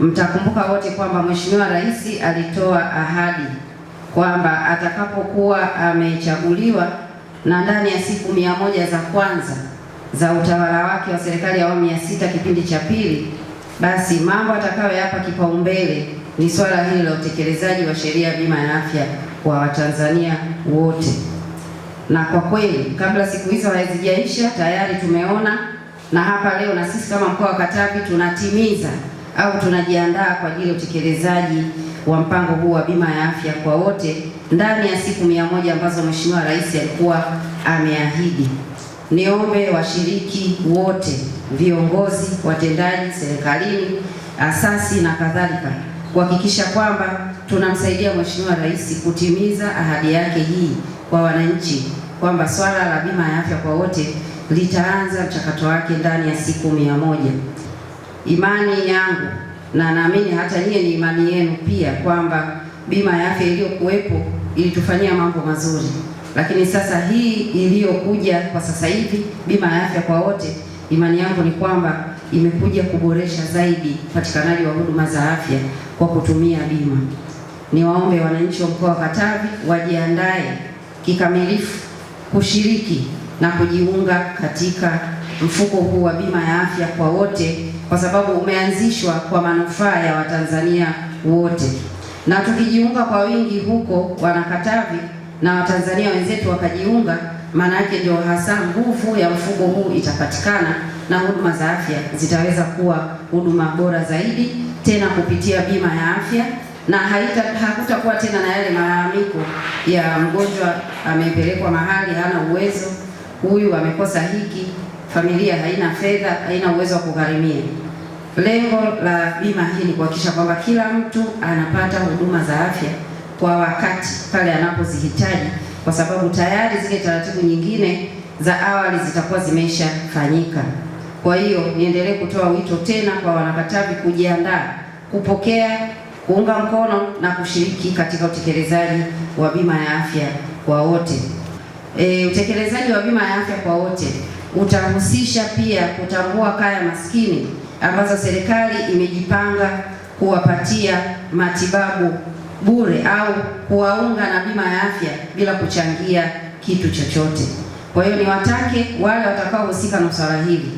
Mtakumbuka wote kwamba Mheshimiwa Rais alitoa ahadi kwamba atakapokuwa amechaguliwa na ndani ya siku mia moja za kwanza za utawala wake wa serikali ya awamu ya sita kipindi cha pili, basi mambo atakayoyapa kipaumbele ni swala hili la utekelezaji wa sheria bima ya afya kwa Watanzania wote. Na kwa kweli kabla siku hizo hazijaisha tayari tumeona, na hapa leo na sisi kama mkoa wa Katavi tunatimiza au tunajiandaa kwa ajili ya utekelezaji wa mpango huu wa bima ya afya kwa wote ndani ya siku mia moja ambazo Mheshimiwa Rais alikuwa ameahidi. Niombe washiriki wote, viongozi, watendaji serikalini, asasi na kadhalika, kuhakikisha kwamba tunamsaidia Mheshimiwa Rais kutimiza ahadi yake hii kwa wananchi kwamba swala la bima ya afya kwa wote litaanza mchakato wake ndani ya siku mia moja imani yangu na naamini hata nyie ni imani yenu pia, kwamba bima ya afya iliyokuwepo ilitufanyia mambo mazuri, lakini sasa hii iliyokuja kwa sasa hivi, bima ya afya kwa wote, imani yangu ni kwamba imekuja kuboresha zaidi upatikanaji wa huduma za afya kwa kutumia bima. Niwaombe wananchi wa mkoa wa Katavi wajiandae kikamilifu kushiriki na kujiunga katika mfuko huu wa bima ya afya kwa wote, kwa sababu umeanzishwa kwa manufaa ya Watanzania wote, na tukijiunga kwa wingi huko Wanakatavi na Watanzania wenzetu wakajiunga, maana yake ndio hasa nguvu ya mfuko huu itapatikana na huduma za afya zitaweza kuwa huduma bora zaidi, tena kupitia bima ya afya na haita hakutakuwa tena na yale malalamiko ya mgonjwa amepelekwa mahali hana uwezo, huyu amekosa hiki familia haina fedha, haina uwezo wa kugharimia. Lengo la bima hii ni kuhakikisha kwamba kila mtu anapata huduma za afya kwa wakati pale anapozihitaji, kwa sababu tayari zile taratibu nyingine za awali zitakuwa zimeshafanyika. Kwa hiyo niendelee kutoa wito tena kwa Wanakatavi kujiandaa kupokea, kuunga mkono na kushiriki katika utekelezaji wa bima ya afya kwa wote. E, utekelezaji wa bima ya afya kwa wote utahusisha pia kutambua kaya maskini ambazo serikali imejipanga kuwapatia matibabu bure au kuwaunga na bima ya afya bila kuchangia kitu chochote. Kwa hiyo niwatake wale watakaohusika na swala hili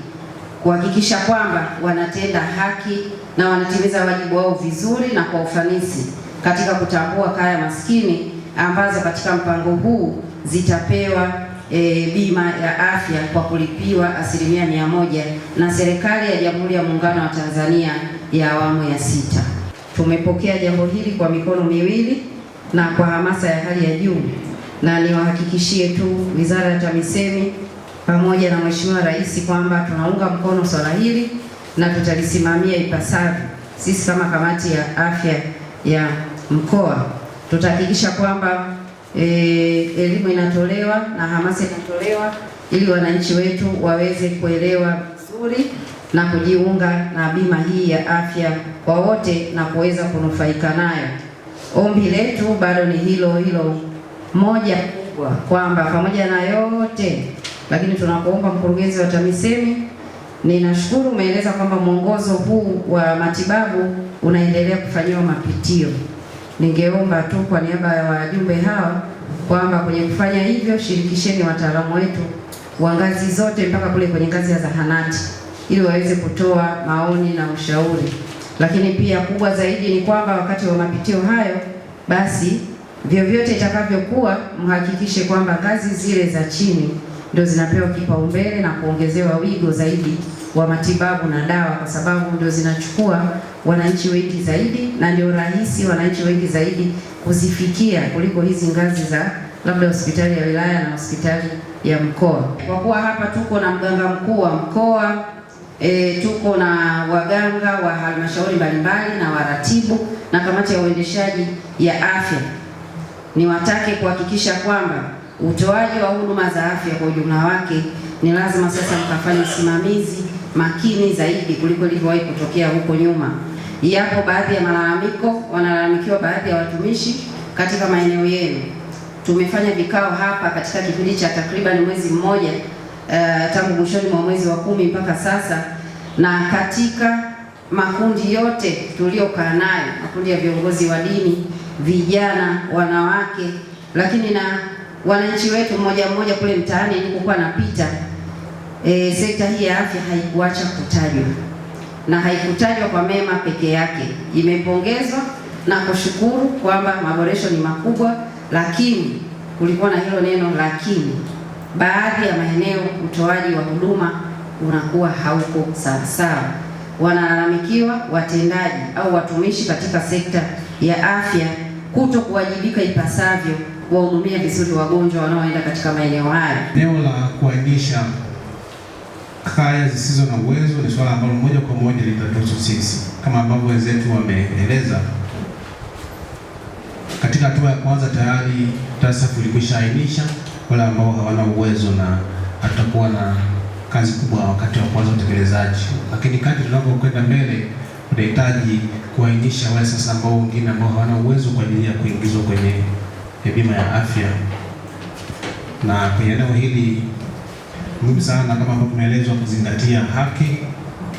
kuhakikisha kwamba wanatenda haki na wanatimiza wajibu wao vizuri na kwa ufanisi katika kutambua kaya maskini ambazo katika mpango huu zitapewa e, bima ya afya kwa kulipiwa asilimia mia moja na serikali ya Jamhuri ya Muungano wa Tanzania ya awamu ya sita. Tumepokea jambo hili kwa mikono miwili na kwa hamasa ya hali ya juu, na niwahakikishie tu Wizara ya TAMISEMI pamoja na Mheshimiwa Rais kwamba tunaunga mkono swala hili na tutalisimamia ipasavyo. Sisi kama kamati ya afya ya mkoa tutahakikisha kwamba e, elimu inatolewa na hamasa inatolewa ili wananchi wetu waweze kuelewa vizuri na kujiunga na bima hii ya afya kwa wote na kuweza kunufaika nayo. Ombi letu bado ni hilo hilo moja kubwa, kwamba pamoja na yote lakini tunakuomba mkurugenzi wa TAMISEMI, ninashukuru umeeleza kwamba mwongozo huu wa matibabu unaendelea kufanyiwa mapitio. Ningeomba tu kwa niaba ya wajumbe hawa kwamba kwenye kufanya hivyo, shirikisheni wataalamu wetu wa ngazi zote mpaka kule kwenye ngazi ya zahanati ili waweze kutoa maoni na ushauri. Lakini pia kubwa zaidi ni kwamba wakati wa mapitio hayo, basi vyovyote itakavyokuwa, mhakikishe kwamba ngazi zile za chini ndio zinapewa kipaumbele na kuongezewa wigo zaidi wa matibabu na dawa, kwa sababu ndio zinachukua wananchi wengi zaidi na ndio rahisi wananchi wengi zaidi kuzifikia kuliko hizi ngazi za labda hospitali ya wilaya na hospitali ya mkoa. Kwa kuwa hapa tuko na mganga mkuu wa mkoa e, tuko na waganga wa halmashauri mbalimbali na waratibu na kamati ya uendeshaji ya afya, niwatake kuhakikisha kwamba utoaji wa huduma za afya kwa ujumla wake ni lazima sasa mkafanye usimamizi makini zaidi kuliko ilivyowahi kutokea huko nyuma. Yapo baadhi ya malalamiko, wanalalamikiwa baadhi ya watumishi katika maeneo yenu. Tumefanya vikao hapa katika kipindi cha takriban mwezi mmoja uh, tangu mwishoni mwa mwezi wa kumi mpaka sasa, na katika makundi yote tuliokaa nayo, makundi ya viongozi wa dini, vijana, wanawake, lakini na wananchi wetu mmoja mmoja kule mtaani nilikokuwa napita E, sekta hii ya afya haikuacha kutajwa na haikutajwa kwa mema peke yake. Imepongezwa na kushukuru kwamba maboresho ni makubwa, lakini kulikuwa na hilo neno lakini, baadhi ya maeneo utoaji wa huduma unakuwa hauko sawasawa. Wanalalamikiwa watendaji au watumishi katika sekta ya afya kuto kuwajibika ipasavyo kuwahudumia vizuri wagonjwa wanaoenda katika maeneo hayo. Eneo la kuainisha kaya zisizo na uwezo ni swala ambalo moja kwa moja litatuhusu sisi, kama ambavyo wenzetu wameeleza. Katika hatua ya kwanza tayari TASAF ilikwisha ainisha wale ambao hawana uwezo na hatakuwa na kazi kubwa wakati wa kwanza utekelezaji, lakini kati tunapokwenda mbele tunahitaji kuainisha wale sasa ambao wengine ambao hawana uwezo kwa ajili ya kuingizwa kwenye bima ya afya, na kwenye eneo hili muhimu sana kama ambavyo tumeelezwa kuzingatia haki,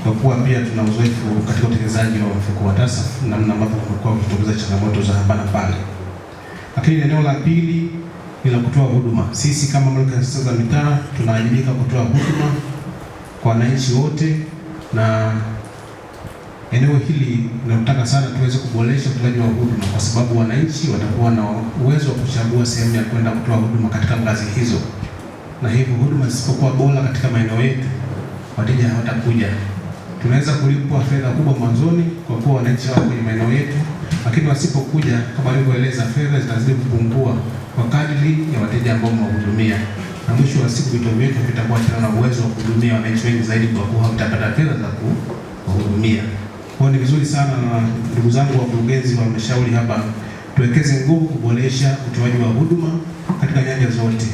kwa kuwa pia tuna uzoefu katika utekelezaji wa mfuko wa TASAF, namna ambavyo kumekuwa kutokeza changamoto za hapa na pale. Lakini eneo la pili ni la kutoa huduma. Sisi kama mamlaka ya sasa za mitaa tunaajibika kutoa huduma kwa wananchi wote, na eneo hili linataka sana tuweze kuboresha utoaji wa huduma, kwa sababu wananchi watakuwa na uwezo wa kuchagua sehemu ya kwenda kutoa huduma katika ngazi hizo na hivyo huduma zisipokuwa bora katika maeneo yetu, wateja hawatakuja. Tunaweza kulipwa fedha kubwa mwanzoni kwa kuwa wananchi wao kwenye maeneo yetu, lakini wasipokuja, kama alivyoeleza, fedha zitazidi kupungua kwa kadri ya wateja ambao mnawahudumia, na mwisho wa siku vituo vyetu vitakuwa tena na uwezo wa kuhudumia wananchi wengi zaidi, kwa kuwa hamtapata fedha za kuwahudumia. Kwa ni vizuri sana, na ndugu zangu wakurugenzi wa halmashauri hapa, tuwekeze nguvu kuboresha utoaji wa huduma katika nyanja zote.